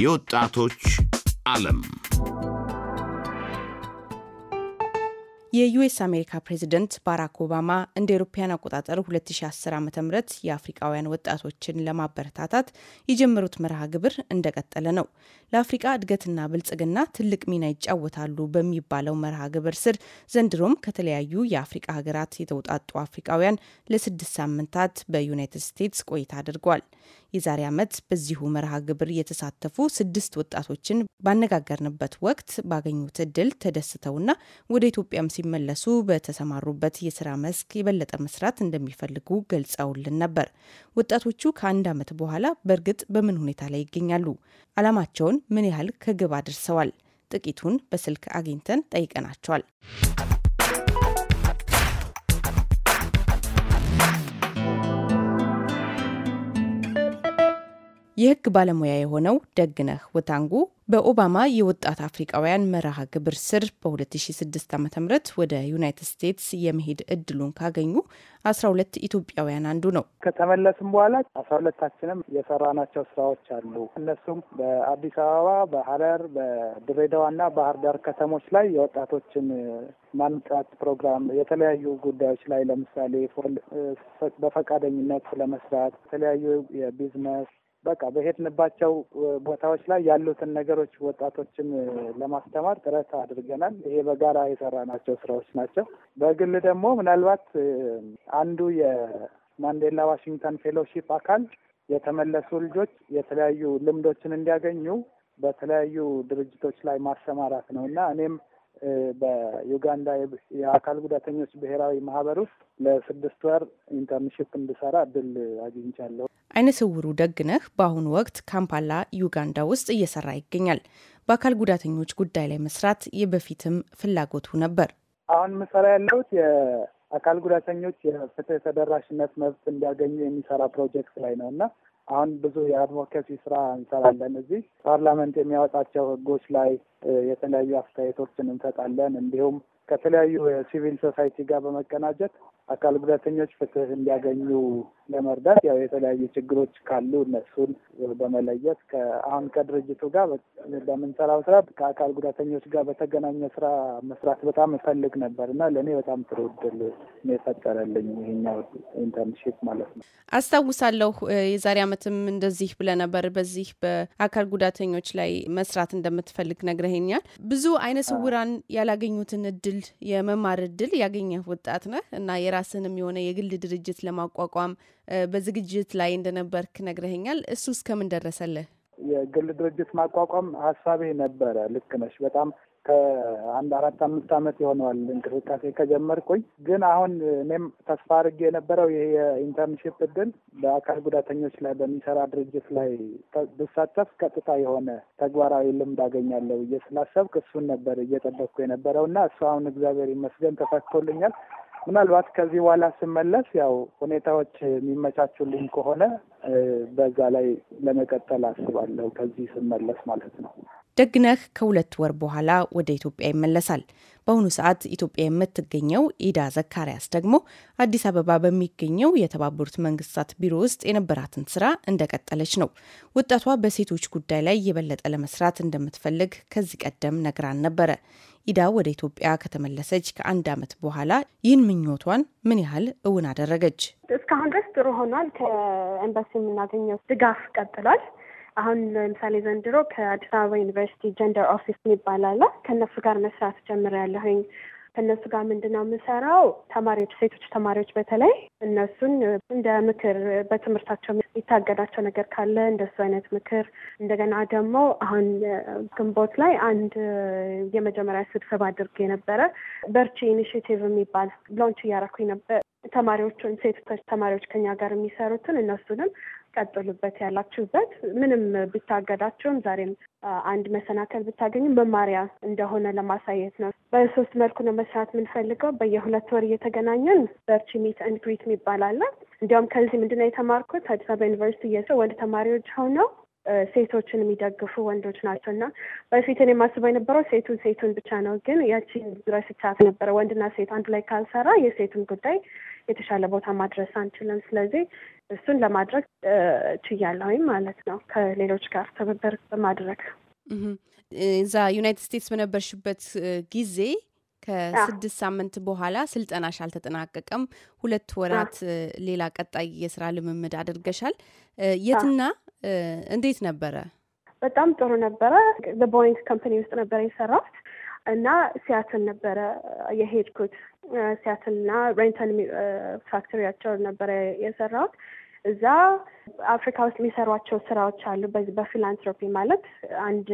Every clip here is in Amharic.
የወጣቶች ዓለም የዩኤስ አሜሪካ ፕሬዝደንት ባራክ ኦባማ እንደ ኤሮፓያን አቆጣጠር 2010 ዓ ም የአፍሪቃውያን ወጣቶችን ለማበረታታት የጀመሩት መርሃ ግብር እንደቀጠለ ነው። ለአፍሪቃ እድገትና ብልጽግና ትልቅ ሚና ይጫወታሉ በሚባለው መርሃ ግብር ስር ዘንድሮም ከተለያዩ የአፍሪቃ ሀገራት የተውጣጡ አፍሪቃውያን ለስድስት ሳምንታት በዩናይትድ ስቴትስ ቆይታ አድርጓል። የዛሬ ዓመት በዚሁ መርሃ ግብር የተሳተፉ ስድስት ወጣቶችን ባነጋገርንበት ወቅት ባገኙት እድል ተደስተውና ወደ ኢትዮጵያም ሲመለሱ በተሰማሩበት የስራ መስክ የበለጠ መስራት እንደሚፈልጉ ገልጸውልን ነበር። ወጣቶቹ ከአንድ ዓመት በኋላ በእርግጥ በምን ሁኔታ ላይ ይገኛሉ? ዓላማቸውን ምን ያህል ከግብ አድርሰዋል? ጥቂቱን በስልክ አግኝተን ጠይቀናቸዋል። የህግ ባለሙያ የሆነው ደግነህ ወታንጉ በኦባማ የወጣት አፍሪቃውያን መርሃ ግብር ስር በ2006 ዓ ም ወደ ዩናይትድ ስቴትስ የመሄድ እድሉን ካገኙ 12 ኢትዮጵያውያን አንዱ ነው። ከተመለስም በኋላ 12ታችንም የሰራናቸው ስራዎች አሉ። እነሱም በአዲስ አበባ፣ በሀረር፣ በድሬዳዋና ባህር ዳር ከተሞች ላይ የወጣቶችን ማንቃት ፕሮግራም የተለያዩ ጉዳዮች ላይ ለምሳሌ በፈቃደኝነት ለመስራት የተለያዩ የቢዝነስ በቃ በሄድንባቸው ቦታዎች ላይ ያሉትን ነገሮች ወጣቶችን ለማስተማር ጥረት አድርገናል። ይሄ በጋራ የሰራናቸው ስራዎች ናቸው። በግል ደግሞ ምናልባት አንዱ የማንዴላ ዋሽንግተን ፌሎሺፕ አካል የተመለሱ ልጆች የተለያዩ ልምዶችን እንዲያገኙ በተለያዩ ድርጅቶች ላይ ማሰማራት ነው እና እኔም በዩጋንዳ የአካል ጉዳተኞች ብሔራዊ ማህበር ውስጥ ለስድስት ወር ኢንተርንሽፕ እንድሰራ እድል አግኝቻለሁ። አይነ ስውሩ ደግነህ በአሁኑ ወቅት ካምፓላ ዩጋንዳ ውስጥ እየሰራ ይገኛል። በአካል ጉዳተኞች ጉዳይ ላይ መስራት የበፊትም ፍላጎቱ ነበር። አሁን ምሰራ ያለሁት የአካል ጉዳተኞች የፍትህ ተደራሽነት መብት እንዲያገኙ የሚሰራ ፕሮጀክት ላይ ነው እና አሁን ብዙ የአድቮኬሲ ስራ እንሰራለን። እዚህ ፓርላመንት የሚያወጣቸው ህጎች ላይ የተለያዩ አስተያየቶችን እንሰጣለን። እንዲሁም ከተለያዩ የሲቪል ሶሳይቲ ጋር በመቀናጀት አካል ጉዳተኞች ፍትህ እንዲያገኙ ለመርዳት ያው የተለያዩ ችግሮች ካሉ እነሱን በመለየት አሁን ከድርጅቱ ጋር በምንሰራው ስራ ከአካል ጉዳተኞች ጋር በተገናኘ ስራ መስራት በጣም እፈልግ ነበር እና ለእኔ በጣም ጥሩ እድል የፈጠረልኝ ይሄኛው ኢንተርንሺፕ ማለት ነው። አስታውሳለሁ የዛሬ ዓመትም እንደዚህ ብለ ነበር በዚህ በአካል ጉዳተኞች ላይ መስራት እንደምትፈልግ ነግረኸኛል። ብዙ አይነ ስውራን ያላገኙትን እድል የመማር እድል ያገኘህ ወጣት ነህ እና የራስንም የሆነ የግል ድርጅት ለማቋቋም በዝግጅት ላይ እንደነበርክ ነግረኸኛል። እሱ እስከምን ደረሰልህ? የግል ድርጅት ማቋቋም ሀሳቤ ነበረ። ልክ ነሽ። በጣም ከአንድ አራት አምስት ዓመት የሆነዋል እንቅስቃሴ ከጀመርኩኝ። ግን አሁን እኔም ተስፋ አድርጌ የነበረው ይሄ የኢንተርንሽፕ እድል በአካል ጉዳተኞች ላይ በሚሰራ ድርጅት ላይ ብሳተፍ ቀጥታ የሆነ ተግባራዊ ልምድ አገኛለሁ ብዬ ስላሰብክ እሱን ነበር እየጠበቅኩ የነበረው እና እሱ አሁን እግዚአብሔር ይመስገን ተሳክቶልኛል። ምናልባት ከዚህ በኋላ ስመለስ ያው ሁኔታዎች የሚመቻቹልኝ ከሆነ በዛ ላይ ለመቀጠል አስባለሁ። ከዚህ ስመለስ ማለት ነው። ደግነህ ከሁለት ወር በኋላ ወደ ኢትዮጵያ ይመለሳል። በአሁኑ ሰዓት ኢትዮጵያ የምትገኘው ኢዳ ዘካሪያስ ደግሞ አዲስ አበባ በሚገኘው የተባበሩት መንግስታት ቢሮ ውስጥ የነበራትን ስራ እንደቀጠለች ነው። ወጣቷ በሴቶች ጉዳይ ላይ የበለጠ ለመስራት እንደምትፈልግ ከዚህ ቀደም ነግራን ነበረ። ኢዳ ወደ ኢትዮጵያ ከተመለሰች ከአንድ ዓመት በኋላ ይህን ምኞቷን ምን ያህል እውን አደረገች? እስካሁን ድረስ ጥሩ ሆኗል። ከኤምባሲ የምናገኘው ድጋፍ ቀጥሏል። አሁን ለምሳሌ ዘንድሮ ከአዲስ አበባ ዩኒቨርሲቲ ጀንደር ኦፊስ የሚባል አለ። ከእነሱ ጋር መስራት ጀምሬያለሁኝ። ከእነሱ ጋር ምንድን ነው የምሰራው? ተማሪዎች፣ ሴቶች ተማሪዎች በተለይ እነሱን እንደ ምክር በትምህርታቸው የሚታገዳቸው ነገር ካለ እንደሱ አይነት ምክር፣ እንደገና ደግሞ አሁን ግንቦት ላይ አንድ የመጀመሪያ ስብሰባ አድርጌ ነበረ። በርቺ ኢኒሽቲቭ የሚባል ሎንች እያረኩኝ ነበር። ተማሪዎቹን ሴቶች ተማሪዎች ከኛ ጋር የሚሰሩትን እነሱንም ቀጥሉበት ያላችሁበት ምንም ብታገዳቸውም ዛሬም አንድ መሰናከል ብታገኙም መማሪያ እንደሆነ ለማሳየት ነው። በሶስት መልኩ ነው መስራት የምንፈልገው። በየሁለት ወር እየተገናኘን በርቺ ሚት ኤንድ ግሪት የሚባል አለ። እንዲያውም ከዚህ ምንድነው የተማርኩት አዲስ አበባ ዩኒቨርሲቲ እየሰው ወንድ ተማሪዎች ሆነው ሴቶችን የሚደግፉ ወንዶች ናቸው እና በፊት እኔ የማስበው የነበረው ሴቱን ሴቱን ብቻ ነው። ግን ያቺን ድረስ ነበረ ወንድና ሴት አንድ ላይ ካልሰራ የሴቱን ጉዳይ የተሻለ ቦታ ማድረስ አንችልም። ስለዚህ እሱን ለማድረግ ችያለሁኝ ማለት ነው ከሌሎች ጋር ትብብር በማድረግ እዛ ዩናይትድ ስቴትስ በነበርሽበት ጊዜ ከስድስት ሳምንት በኋላ ስልጠናሽ አልተጠናቀቀም። ሁለት ወራት ሌላ ቀጣይ የስራ ልምምድ አድርገሻል። የትና እንዴት ነበረ? በጣም ጥሩ ነበረ። በቦይንግ ከምፓኒ ውስጥ ነበረ የሰራሁት እና ሲያትል ነበረ የሄድኩት ሲያትልና ሬንተል ፋክተሪያቸው ነበረ የሰራሁት። እዛ አፍሪካ ውስጥ የሚሰሯቸው ስራዎች አሉ። በዚህ በፊላንትሮፒ ማለት አንድ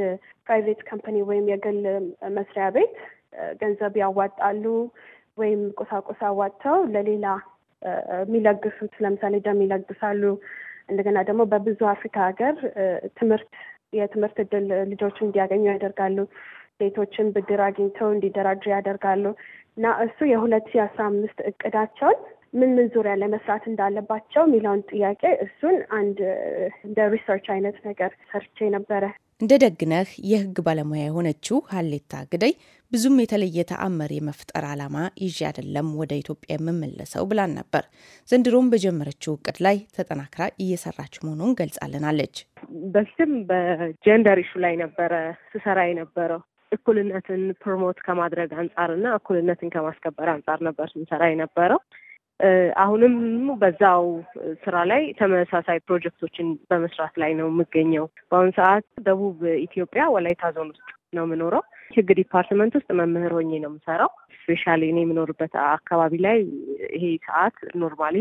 ፕራይቬት ካምፓኒ ወይም የግል መስሪያ ቤት ገንዘብ ያዋጣሉ ወይም ቁሳቁስ አዋጥተው ለሌላ የሚለግሱት ለምሳሌ ደም ይለግሳሉ። እንደገና ደግሞ በብዙ አፍሪካ ሀገር ትምህርት የትምህርት እድል ልጆች እንዲያገኙ ያደርጋሉ። ቤቶችን ብድር አግኝተው እንዲደራጁ ያደርጋሉ እና እሱ የሁለት ሺ አስራ አምስት እቅዳቸውን ምን ምን ዙሪያ ለመስራት እንዳለባቸው የሚለውን ጥያቄ እሱን አንድ እንደ ሪሰርች አይነት ነገር ሰርቼ ነበረ። እንደ ደግነህ የህግ ባለሙያ የሆነችው ሀሌታ ግደይ ብዙም የተለየ ተአመር የመፍጠር አላማ ይዤ አይደለም ወደ ኢትዮጵያ የምመለሰው ብላን ነበር። ዘንድሮም በጀመረችው እቅድ ላይ ተጠናክራ እየሰራች መሆኑን ገልጻልናለች። በፊትም በጀንደር ኢሹ ላይ ነበረ ስሰራ የነበረው እኩልነትን ፕሮሞት ከማድረግ አንጻርና እኩልነትን ከማስከበር አንጻር ነበር ስንሰራ የነበረው። አሁንም በዛው ስራ ላይ ተመሳሳይ ፕሮጀክቶችን በመስራት ላይ ነው የምገኘው። በአሁኑ ሰዓት ደቡብ ኢትዮጵያ ወላይታ ዞን ውስጥ ነው የምኖረው። ህግ ዲፓርትመንት ውስጥ መምህር ሆኜ ነው የምሰራው። ስፔሻሊ እኔ የምኖርበት አካባቢ ላይ ይሄ ሰዓት ኖርማሊ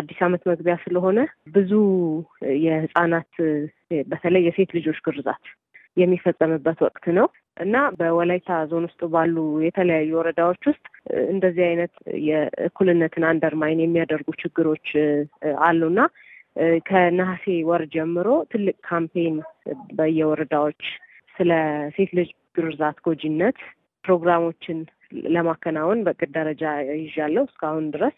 አዲስ ዓመት መግቢያ ስለሆነ ብዙ የህጻናት በተለይ የሴት ልጆች ግርዛት የሚፈጸምበት ወቅት ነው እና በወላይታ ዞን ውስጥ ባሉ የተለያዩ ወረዳዎች ውስጥ እንደዚህ አይነት የእኩልነትን አንደርማይን የሚያደርጉ ችግሮች አሉና ከነሐሴ ወር ጀምሮ ትልቅ ካምፔን በየወረዳዎች ስለ ሴት ልጅ ግርዛት ጎጂነት ፕሮግራሞችን ለማከናወን በቅድ ደረጃ ይዣለሁ እስካሁን ድረስ።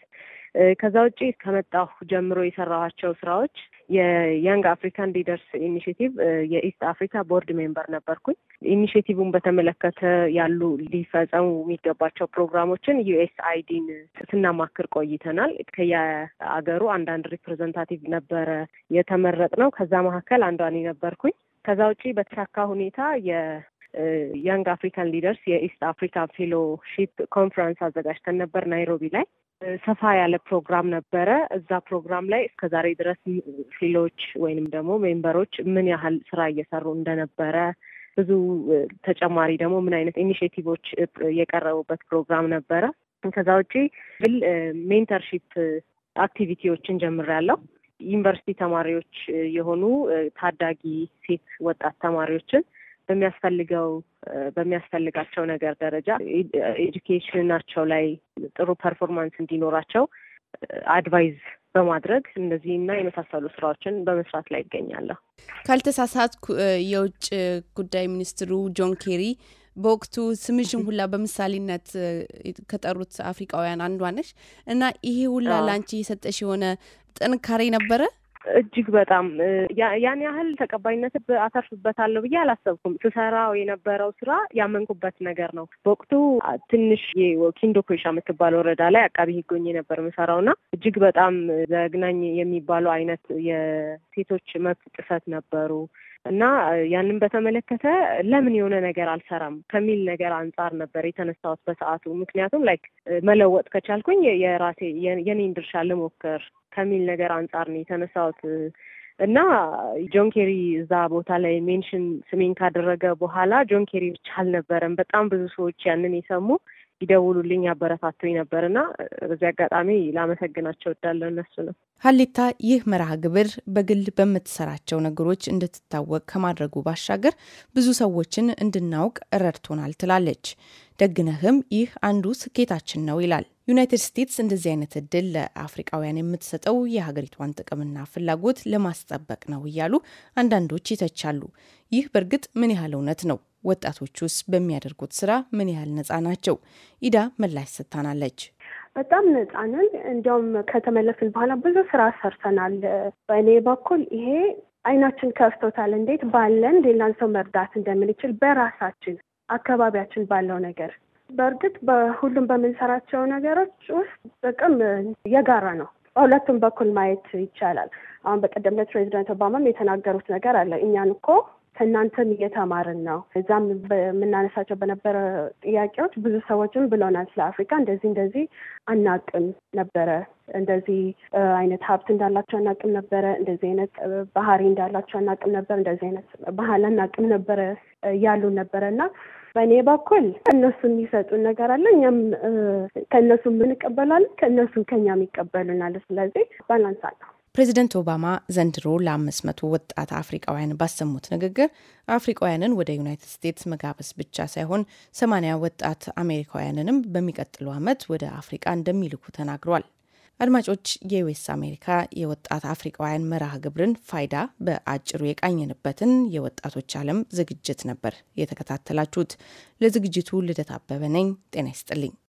ከዛ ውጪ ከመጣሁ ጀምሮ የሰራኋቸው ስራዎች የያንግ አፍሪካን ሊደርስ ኢኒሽቲቭ የኢስት አፍሪካ ቦርድ ሜምበር ነበርኩኝ። ኢኒሽቲቭን በተመለከተ ያሉ ሊፈጸሙ የሚገባቸው ፕሮግራሞችን ዩኤስ አይዲን ስናማክር ቆይተናል። ከየአገሩ አንዳንድ ሪፕሬዘንታቲቭ ነበረ የተመረጥ ነው። ከዛ መካከል አንዷን ነበርኩኝ። ከዛ ውጪ በተሳካ ሁኔታ ያንግ አፍሪካን ሊደርስ የኢስት አፍሪካ ፌሎሺፕ ኮንፈረንስ አዘጋጅተን ነበር ናይሮቢ ላይ። ሰፋ ያለ ፕሮግራም ነበረ። እዛ ፕሮግራም ላይ እስከ ዛሬ ድረስ ፊሎች ወይንም ደግሞ ሜምበሮች ምን ያህል ስራ እየሰሩ እንደነበረ ብዙ ተጨማሪ ደግሞ ምን አይነት ኢኒሽቲቮች የቀረቡበት ፕሮግራም ነበረ። ከዛ ውጪ ግል ሜንተርሺፕ አክቲቪቲዎችን ጀምሬያለሁ። ዩኒቨርሲቲ ተማሪዎች የሆኑ ታዳጊ ሴት ወጣት ተማሪዎችን በሚያስፈልገው በሚያስፈልጋቸው ነገር ደረጃ ኤዱኬሽናቸው ላይ ጥሩ ፐርፎርማንስ እንዲኖራቸው አድቫይዝ በማድረግ እነዚህና የመሳሰሉ ስራዎችን በመስራት ላይ ይገኛለሁ። ካልተሳሳት የውጭ ጉዳይ ሚኒስትሩ ጆን ኬሪ በወቅቱ ስምሽም ሁላ በምሳሌነት ከጠሩት አፍሪቃውያን አንዷ ነሽ እና ይሄ ሁላ ለአንቺ የሰጠሽ የሆነ ጥንካሬ ነበረ? እጅግ በጣም ያን ያህል ተቀባይነት አተርፍበታለሁ ብዬ አላሰብኩም። ስሰራው የነበረው ስራ ያመንኩበት ነገር ነው። በወቅቱ ትንሽ ኪንዶኮሻ የምትባል ወረዳ ላይ አቃቢ ህጎኝ የነበር ምሰራው እና እጅግ በጣም ዘግናኝ የሚባለው አይነት የሴቶች መብት ጥሰት ነበሩ እና ያንን በተመለከተ ለምን የሆነ ነገር አልሰራም ከሚል ነገር አንጻር ነበር የተነሳሁት በሰዓቱ። ምክንያቱም ላይክ መለወጥ ከቻልኩኝ የራሴ የኔን ድርሻ ልሞክር ከሚል ነገር አንጻር ነው የተነሳሁት እና ጆን ኬሪ እዛ ቦታ ላይ ሜንሽን ስሜን ካደረገ በኋላ ጆን ኬሪ ብቻ አልነበረም። በጣም ብዙ ሰዎች ያንን የሰሙ ይደውሉልኝ ያበረታቱኝ ነበር እና በዚህ አጋጣሚ ላመሰግናቸው እወዳለሁ እነሱ ነው። ሀሊታ ይህ መርሃ ግብር በግል በምትሰራቸው ነገሮች እንድትታወቅ ከማድረጉ ባሻገር ብዙ ሰዎችን እንድናውቅ ረድቶናል ትላለች። ደግነህም ይህ አንዱ ስኬታችን ነው ይላል። ዩናይትድ ስቴትስ እንደዚህ አይነት እድል ለአፍሪቃውያን የምትሰጠው የሀገሪቷን ጥቅምና ፍላጎት ለማስጠበቅ ነው እያሉ አንዳንዶች ይተቻሉ። ይህ በእርግጥ ምን ያህል እውነት ነው? ወጣቶቹስ በሚያደርጉት ስራ ምን ያህል ነጻ ናቸው? ኢዳ ምላሽ ሰጥታናለች። በጣም ነጻ ነን። እንዲያውም ከተመለስን በኋላ ብዙ ስራ ሰርተናል። በእኔ በኩል ይሄ አይናችን ከፍቶታል። እንዴት ባለን ሌላን ሰው መርዳት እንደምንችል በራሳችን አካባቢያችን ባለው ነገር በእርግጥ በሁሉም በምንሰራቸው ነገሮች ውስጥ ጥቅም የጋራ ነው። በሁለቱም በኩል ማየት ይቻላል። አሁን በቀደም ዕለት ፕሬዚዳንት ኦባማም የተናገሩት ነገር አለ። እኛን እኮ ከእናንተም እየተማርን ነው። እዛም በምናነሳቸው በነበረ ጥያቄዎች ብዙ ሰዎችም ብለውናል ስለ አፍሪካ እንደዚህ እንደዚህ አናቅም ነበረ፣ እንደዚህ አይነት ሀብት እንዳላቸው አናቅም ነበረ፣ እንደዚህ አይነት ባህሪ እንዳላቸው አናቅም ነበር፣ እንደዚህ አይነት ባህል አናቅም ነበረ ያሉ ነበረ እና በእኔ በኩል እነሱ የሚሰጡን ነገር አለ፣ እኛም ከእነሱ የምንቀበላለን፣ ከእነሱ ከኛም ይቀበሉናል። ስለዚህ ባላንስ አለ። ፕሬዚደንት ኦባማ ዘንድሮ ለአምስት መቶ ወጣት አፍሪቃውያን ባሰሙት ንግግር አፍሪቃውያንን ወደ ዩናይትድ ስቴትስ መጋበስ ብቻ ሳይሆን ሰማኒያ ወጣት አሜሪካውያንንም በሚቀጥለው ዓመት ወደ አፍሪቃ እንደሚልኩ ተናግሯል። አድማጮች፣ የዌስ አሜሪካ የወጣት አፍሪቃውያን መርሃ ግብርን ፋይዳ በአጭሩ የቃኘንበትን የወጣቶች ዓለም ዝግጅት ነበር የተከታተላችሁት። ለዝግጅቱ ልደት አበበ ነኝ። ጤና ይስጥልኝ።